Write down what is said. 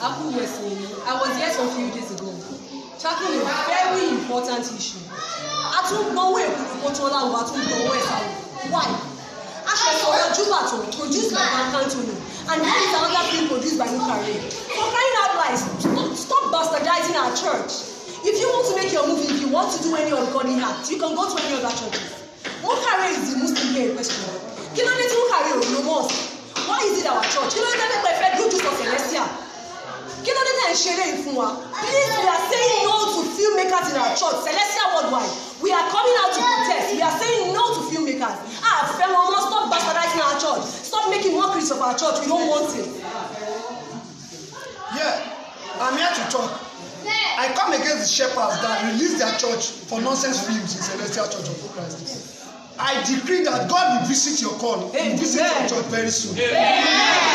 happened yesterday. I was here some few days ago talking a very important issue. A tún gbowó èkúrú kótó ọláwo a tún gbowó ẹ̀ka wò. Why? A ṣe sọ̀rọ̀ Júbàtò produced by Van Cantolo and this is another film produced by Lukare. For crying out loud, stop bastardizing our church. If you want to make your movie, if you want to do any ungodly act, you can go to any other church. Lukare is the Muslim here in question. Kí ló dé tí Lukare ò lo Why is it our church? Kí ló dé ń ṣeré yìí wa please we are saying no to film makers in our church celestial worldwide we are coming out to protest we are saying no to film makers ah fẹ́ wọn mọ́ stop bastardizing our church stop making more mockeries of our church we don't want it. yeah i'm here to talk i come against the shepherds that release their church for nonsense films in celestial church of christ. I decree that God will visit your call. He visit your church very soon. Amen.